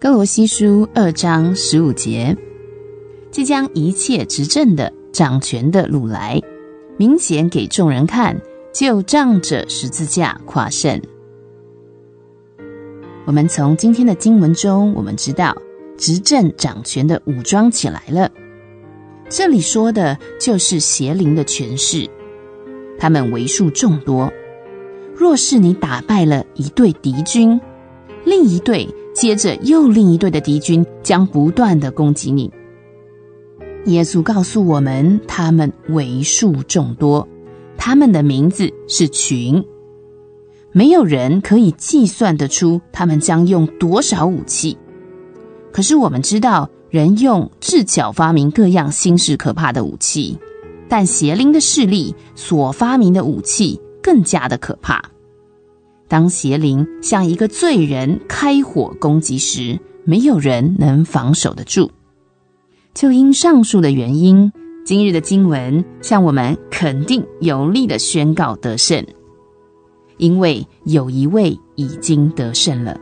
哥羅西書二章十五節，既將一切執政的、掌權的擄來，明顯給眾人看，就仗着十字架誇勝。我們從今天的經文中，我們知道執政掌權的武裝起來了。這裡說的就是邪靈的權勢，他們為數眾多。若是你打敗了一隊敵軍，另一隊。接着又另一隊的敵軍將不斷的攻擊你。耶穌告訴我們，他們為數眾多，他們的名字是群，沒有人可以計算得出他們將用多少武器。可是我們知道，人用智巧發明各樣新式可怕的武器，但邪靈的勢力所發明的武器更加的可怕。當邪靈向一個罪人開火攻擊時，沒有人能防守得住。就因上述的原因，今日的經文向我們肯定有力地宣告得勝，因為有一位已經得勝了，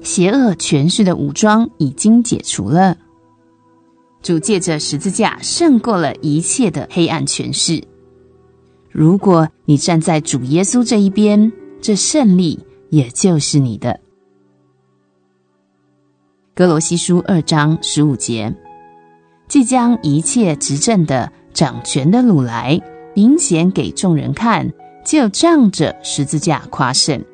邪惡權勢的武裝已經解除了。主借着十字架勝過了一切的黑暗權勢。如果你站在主耶穌這一邊，這勝利也就是你的。歌羅西書二章十五節，既將一切執政的、掌權的擄來，明顯給眾人看，就仗着十字架誇勝。